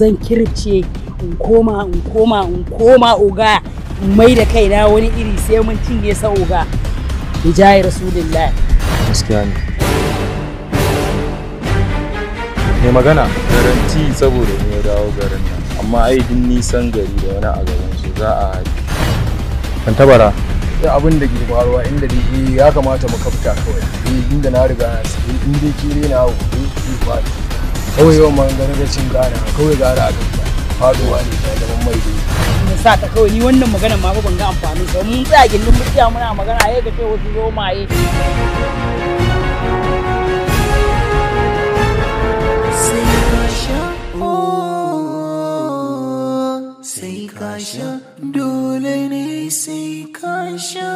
zan kirce in koma in koma in koma oga mai da kaina wani iri sai mun cinye sa oga hijayi rasulillah gaskiya ne mai magana garanti saboda ne ya dawo garin nan amma ai din nisan gari da wani a gaban su za a haɗu kan tabara da abin da ke faruwa inda da eh, ya kamata mu kafta kawai eh, inda na riga na in inda ke rena ku eh, ku faɗi kawai yawan maganganun da cin gara kawai gara a gaba faduwa ne ta gaban mai dole mu sa ta kawai ni wannan magana ma ba ban ga amfanin sa mun tsaya gindin mutiya muna magana yayin da kai wasu zo maye sai ka sha dole ne sai ka sha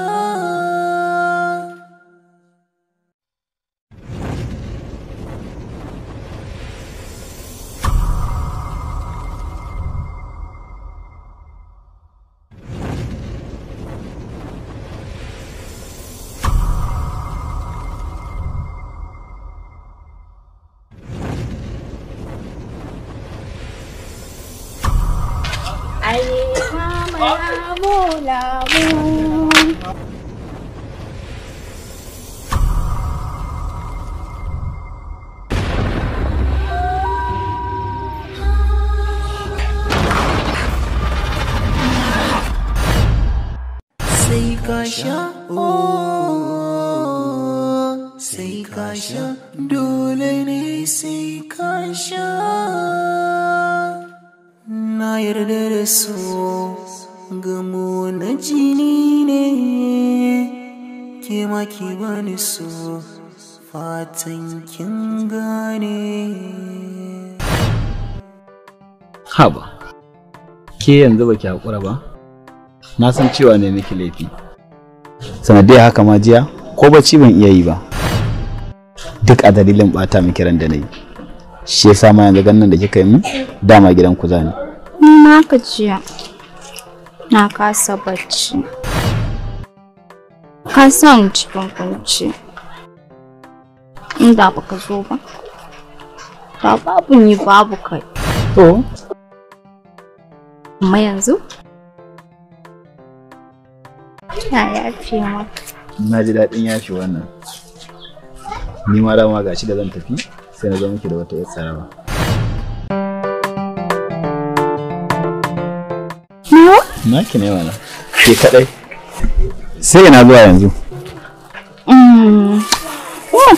Amo, la amo. kasha, oh, say kasha, dole ne say kasha, na yarda da so. gamo na jini ne ke maki bani so fatan kin gane haba ke yanzu baki hakura ba na san cewa ne miki laifi sanadiyar haka ma jiya ko bacci ban iya yi ba duk a dalilin bata miki ran da nayi yi shi yasa ma yanzu ganin da kika yi mu, dama gidan ku zani ni ma ka jiya na kasa bacci ka san cikin kunci inda baka zo ba ba babu ni babu kai to amma yanzu ina yafe maka na ji daɗin yafe wannan ni ma dama gashi da zan tafi sai na zo miki da wata yar tsarawa naki ne mana ke kadai sai ina zuwa yanzu kuma mm.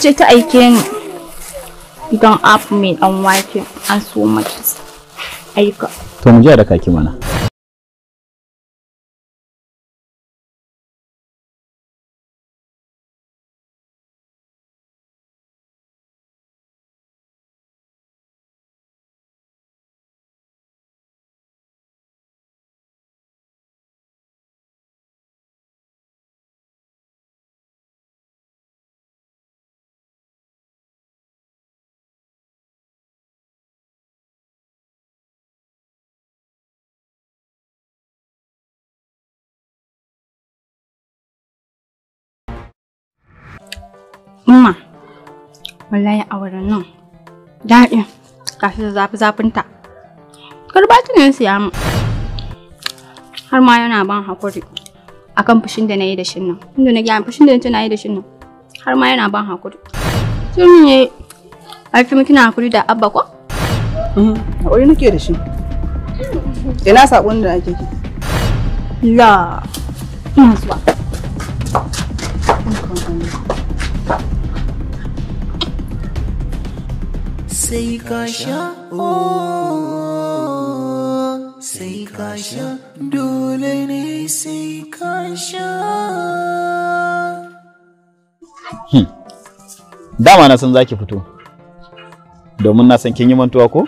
ce ta aike ni don app mai dan wake an so much aika to mu je da kaki mana Umma, wallahi auren nan daɗin gashi da zafi zafinta. Garbati ne siya mu. Har ma yana ban hakuri akan fushin da na yi da shin nan. Inda na gyan fushin da na na yi da shin nan. Har ma yana ban hakuri. Sai mun yi alfi kina hakuri da abba ko? Mhm, hakuri nake da shi. Ina saƙon da ake ki. La, ina zuwa. sai ka sha oh, sai ka sha dole ne sai ka sha hmm. dama na san zaki fito domin na san kin yi mantuwa ko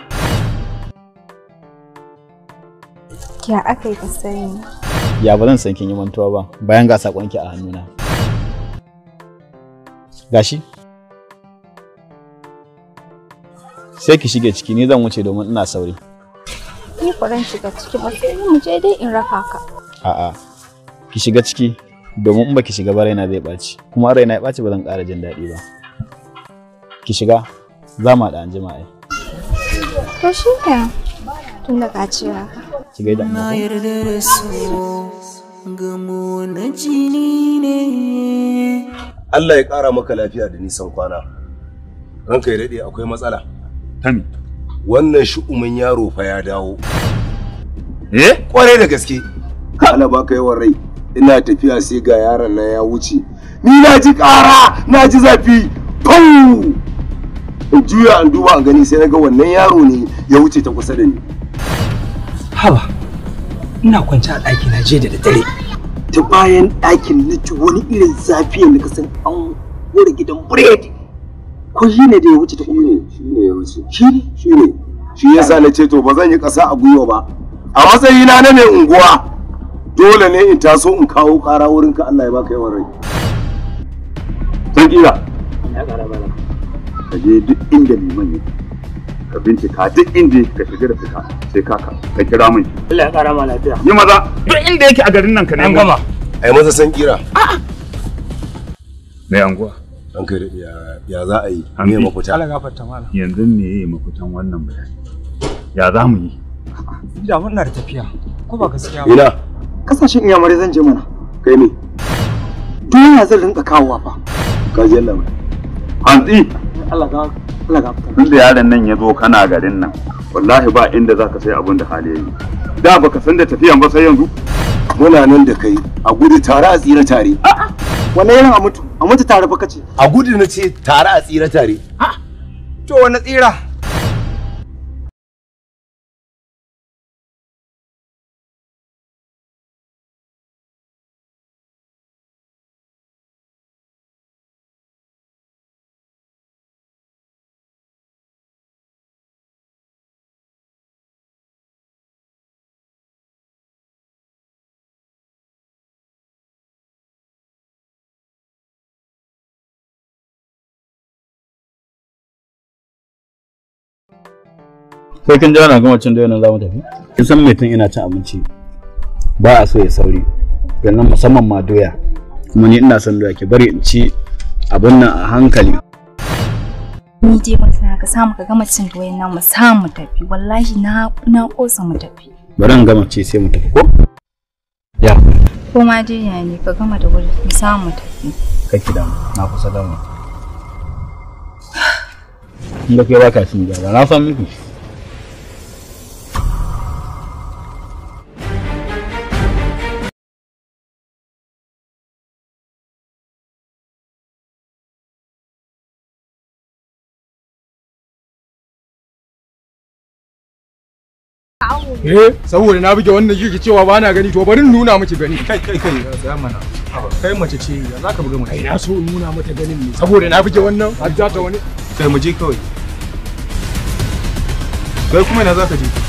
ya aka yi ka sani ya ba zan san kin yi mantuwa ba bayan ga sakonki a hannuna gashi sai ki shige ciki ni zan wuce domin ina sauri ni kwaran shiga ciki ba sai mu je dai in raka ka a'a ki shiga ciki domin in baki shiga ba raina zai ɓaci kuma raina ya ɓaci ba zan ƙara jin daɗi ba ki shiga za mu haɗa anjima ai to shi ne tun da ka ce haka ki na yarda da su gamo na jini ne Allah ya ƙara maka lafiya da nisan kwana ranka ya daɗe akwai matsala Tami. Wannan shu'umin yaro fa ya dawo. Eh? Kwarai da gaske. Ala baka yawan rai. Ina tafiya sai ga yaron na ya wuce. Ni na ji ƙara, na ji zafi. Pau! In juya an duba an gani sai na ga wannan yaro ne ya wuce ta kusa da ni. Haba, ina kwance a ɗaki na je da daddare. Ta bayan ɗakin na wani irin zafi ne ka san an wuri gidan biredi. ko shi ne da ya wuce ta kuma ne shi ne ya wuce shi shi ne shi yasa na ce to ba zan yi ƙasa a gwiwa ba a matsayina na mai unguwa dole ne in taso in kawo ƙara wurin ka Allah ya baka yawan rai sarki ba ka je duk inda liman yake ka bincika duk inda ka shiga da fita sai kaka ka kira min Allah ya kara ma lafiya yi maza duk inda yake a garin nan ka nemo an gama ai maza san kira mai anguwa an kai ya yi mafita wannan bayani ya za yi da kasashen zan je mana kai ne zan rinka kawowa ka je Allah yaron nan ya zo kana garin nan wallahi ba inda zaka sai abin da hali yayi da baka san da tafiyan ba sai yanzu muna nan da kai a gudu tare a tsira tare a'a wannan mutu a ta tare fa kace a gudu na ce tare a tsira tare to wani tsira kai kin jira na gama cin doya nan za mu tafi kin san me tun ina cin abinci ba a so ya sauri yanzu musamman ma doya kuma ni ina son doya ke bari in ci abin nan a hankali ni dai mutuna ka samu ka gama cin doyan nan mu samu tafi wallahi na na kosa mu tafi bari in gama ci sai mu tafi ko ya ko ma dai ya ne ka gama da wuri mu samu tafi kai ki na kusa damu in da ke baka cin gyara na san miki eh saboda na buge wannan kike cewa ba na gani to bari nuna miki gani kai kai kai zamana kai mace ce za ka buga mace na so nuna mata ganin ne saboda na buge wannan har za ta wani kai mu je kawai kai kuma ina za ka je